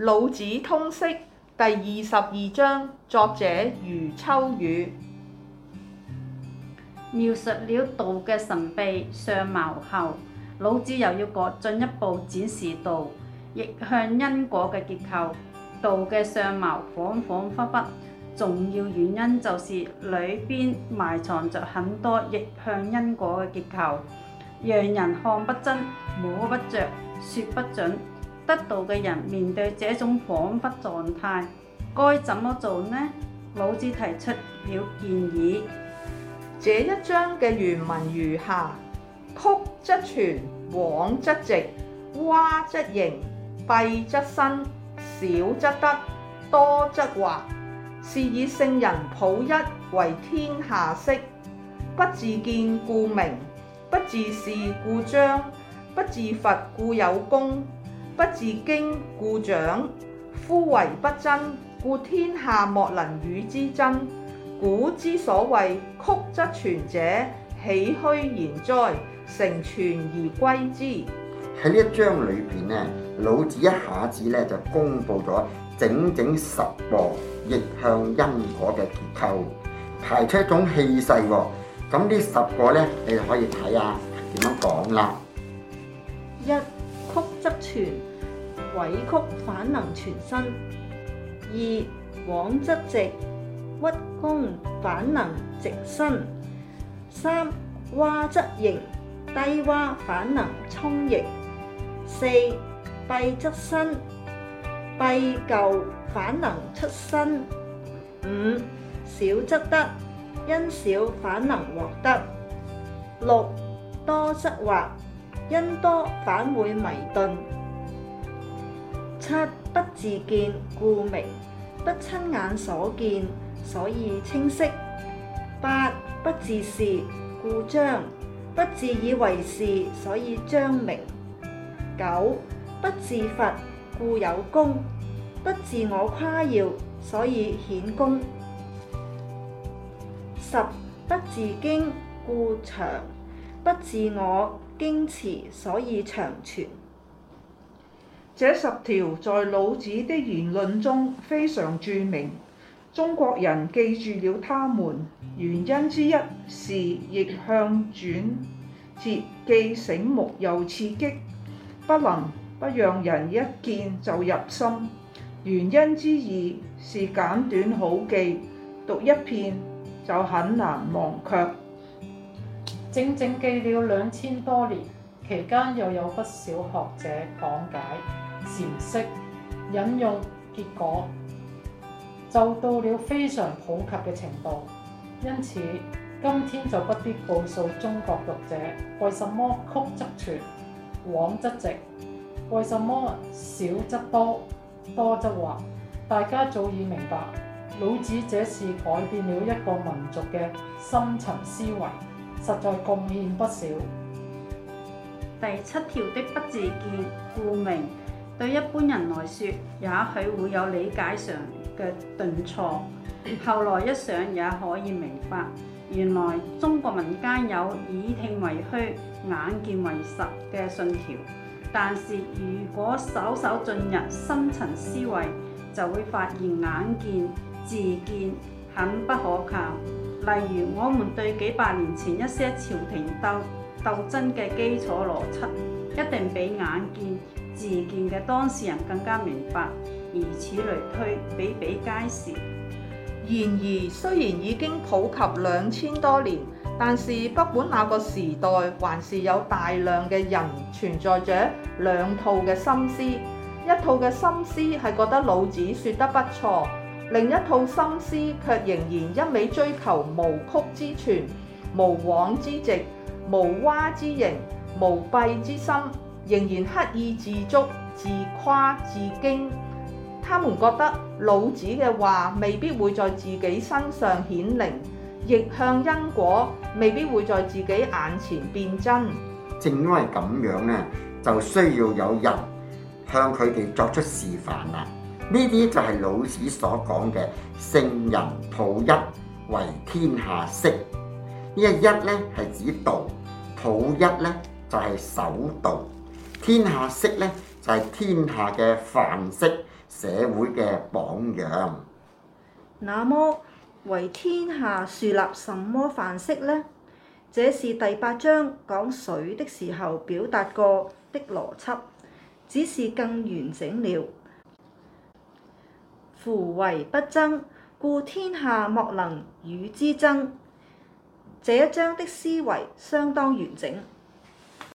《老子通釋》第二十二章，作者余秋雨。描述了道嘅神秘相貌後，老子又要過進一步展示道逆向因果嘅結構。道嘅相貌恍恍惚惚，重要原因就是裏邊埋藏着很多逆向因果嘅結構，讓人看不真、摸不着、説不準。得道嘅人面對這種恍惚狀態，該怎麼做呢？老子提出了建議。這一章嘅原文如下：曲則全，枉則直，窪則盈，敝則新，少則得，多則惑。是以聖人抱一為天下式，不自見故明，不自是故彰，不自伐故有功。不自矜，故長；夫為不爭，故天下莫能與之爭。古之所謂曲則全者，豈虛言哉？成全而歸之。喺呢一章裏邊呢，老子一下子呢就公布咗整整十個逆向因果嘅結構，排出一種氣勢。咁呢十個呢，你可以睇下點樣講啦。一曲則全。委曲反能全身；二枉則直，屈躬反能直身；三蛙則盈，低蛙反能充盈；四敝則新，敝舊反能出新。五少則得，因少反能獲得；六多則惑，因多反會迷頓。七不自見故明，不親眼所見，所以清晰。八不自是故彰，不自以為是，所以彰明。九不自伐故有功，不自我誇耀，所以顯功。十不自矜故長，不自我矜持，所以長存。這十條在老子的言論中非常著名，中國人記住了他們，原因之一是逆向轉折，既醒目又刺激，不能不讓人一見就入心。原因之二是簡短好記，讀一遍就很難忘卻。整整記了兩千多年，期間又有不少學者講解。禪釋引用結果就到了非常普及嘅程度，因此今天就不必告訴中國讀者為什麼曲則全，枉則直；為什麼少則多，多則惑。大家早已明白，老子這是改變了一個民族嘅深層思維，實在貢獻不少。第七條的不自見，故名。對一般人來說，也許會有理解上嘅頓挫，後來一想也可以明白，原來中國民間有耳聽為虛、眼見為實嘅信條。但是如果稍稍進入深層思維，就會發現眼見、自見很不可靠。例如我們對幾百年前一些朝廷鬥鬥爭嘅基礎邏輯，一定比眼見。事件嘅當事人更加明白，以此類推，比比皆是。然而，雖然已經普及兩千多年，但是不管哪個時代，還是有大量嘅人存在着兩套嘅心思。一套嘅心思係覺得老子說得不錯，另一套心思卻仍然一味追求無曲之全、無往之直、無蛙之形、無弊之心。仍然刻意自足、自誇、自矜，他們覺得老子嘅話未必會在自己身上顯靈，逆向因果未必會在自己眼前變真。正因為咁樣咧，就需要有人向佢哋作出示範啦。呢啲就係老子所講嘅聖人抱一為天下式。一呢個一咧係指道，抱一咧就係、是、守道。天下式咧就係、是、天下嘅範式，社會嘅榜樣。那麼為天下樹立什麼範式呢？這是第八章講水的時候表達過的邏輯，只是更完整了。夫唯不爭，故天下莫能與之爭。這一章的思維相當完整。